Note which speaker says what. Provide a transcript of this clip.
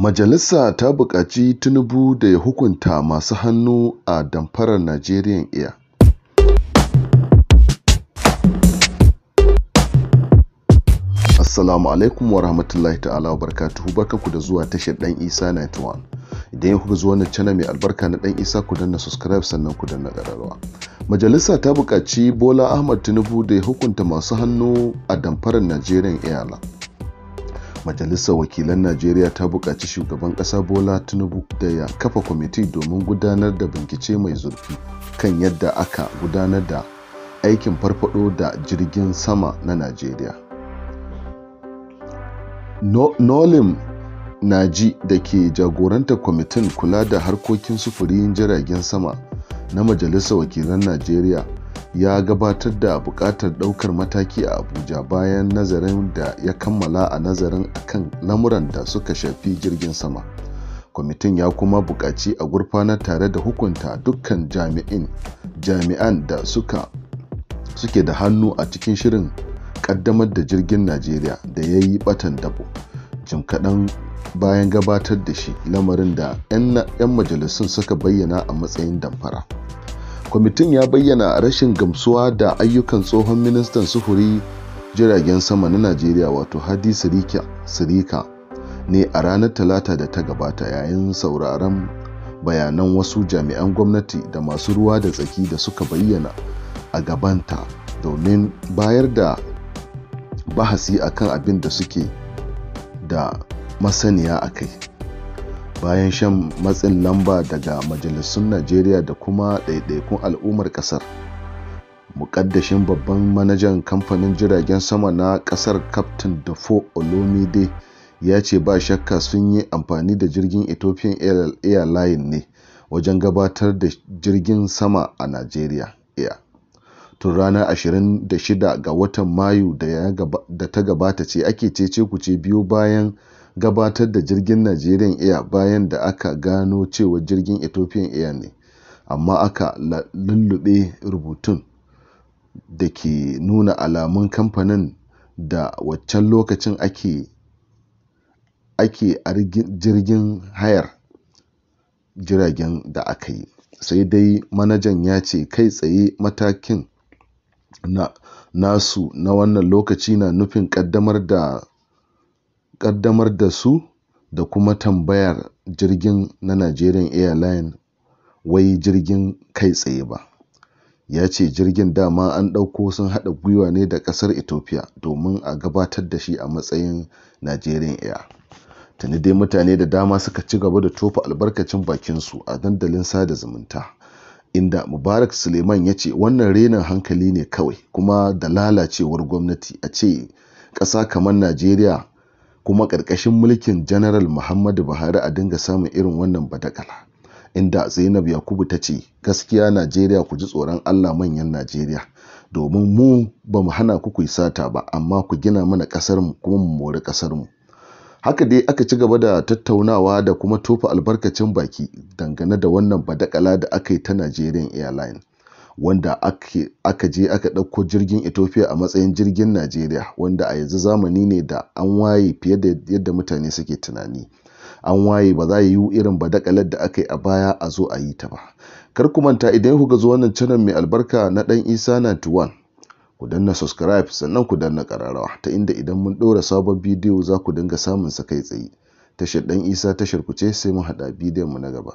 Speaker 1: Majalisa ta buƙaci Tinubu da ya hukunta masu hannu a damfarar Nigerian Air Assalamu alaikum wa rahmatullahi ta'ala wa barakatuhu barkanku da zuwa tashar Dan Isa 91. Idan kuka zuwa na channel mai albarka na Dan Isa ku danna subscribe sannan ku danna ƙararrawa. Majalisa ta buƙaci Bola Ahmad Tinubu da ya hukunta masu hannu a damfarar Nigerian Airlines. majalisar wakilan najeriya ta buƙaci shugaban ƙasa bola tinubu da ya kafa kwamiti domin gudanar da bincike mai zurfi kan yadda aka gudanar da aikin farfado da jirgin sama na najeriya nolim naji da ke jagorantar kwamitin kula da harkokin sufurin jiragen sama na majalisar wakilan najeriya ya gabatar da bukatar ɗaukar mataki a abuja bayan nazarin da ya kammala a nazarin akan lamuran da suka shafi jirgin sama kwamitin ya kuma buƙaci a gurfana tare da hukunta dukkan jami'an da suka suke da hannu a cikin shirin ƙaddamar da jirgin najeriya da ya yi batan dabo jim kaɗan bayan gabatar da shi lamarin da 'yan majalisun suka bayyana a matsayin damfara. kwamitin ya bayyana rashin gamsuwa da ayyukan tsohon ministan sufuri jiragen sama na najeriya wato hadi sirika ne a ranar talata da ta gabata yayin sauraron bayanan wasu jami'an gwamnati da masu ruwa da tsaki da suka bayyana a gabanta domin bayar da bahasi akan abin da suke da masaniya a kai bayan shan matsin lamba daga majalisun najeriya da kuma ɗaiɗaikun al'ummar ƙasar muƙaddashin babban manajan kamfanin jiragen sama na ƙasar captain dafo olomide ya ce ba shakka sun yi amfani da jirgin ethiopian airline ne wajen gabatar da jirgin sama a najeriya tun ranar 26 ga watan mayu da ta gabata ce ake cece kuce biyu bayan gabatar da jirgin Nigerian Air bayan da aka gano cewa jirgin Ethiopian Air ne, amma aka lullube rubutun da ke nuna alamun kamfanin da waccan lokacin ake a jirgin hayar jiragen da aka yi, sai dai manajan ya ce kai tsaye matakin nasu na wannan lokaci na nufin kaddamar da ƙaddamar da su da kuma tambayar jirgin na Nigerian Airlines wai jirgin kai tsaye ba. Ya ce jirgin dama an ɗauko sun haɗa gwiwa ne da ƙasar Ethiopia domin a gabatar da shi a matsayin Nigerian Air. Tuni dai mutane da dama suka ci gaba da tofa albarkacin su a dandalin sada zumunta, inda Mubarak Suleiman ya ce wannan renin hankali ne kawai kuma da lalacewar gwamnati a ce ƙasa kamar Najeriya kuma ƙarƙashin mulkin Janaral Muhammadu Buhari a dinga samun irin wannan badakala. Inda Zainab Yakubu ta ce, gaskiya Najeriya ku ji tsoron Allah manyan Najeriya. Domin mu ba mu hana ku ku sata ba, amma ku gina mana ƙasarmu kuma mu mori ƙasarmu. Haka dai aka ci gaba da tattaunawa da kuma tofa albarkacin baki dangane da wannan badakala da aka yi ta Nigerian Airlines. wanda aka je aka ɗauko jirgin Ethiopia a matsayin jirgin nigeria wanda a yanzu zamani ne da an waye fiye da yadda mutane suke tunani. an waye ba za a yi irin badakalar da aka yi a baya a zo a yi ta ba kar ku manta idan kuka zuwa wannan channel mai albarka na dan isa 91 ku danna subscribe sannan ku danna kararrawa ta inda idan mun ɗora sabon bidiyo za ku dinga samun sa kai tsaye tashar dan isa tashar ku ce sai mu haɗa bidiyon mu na gaba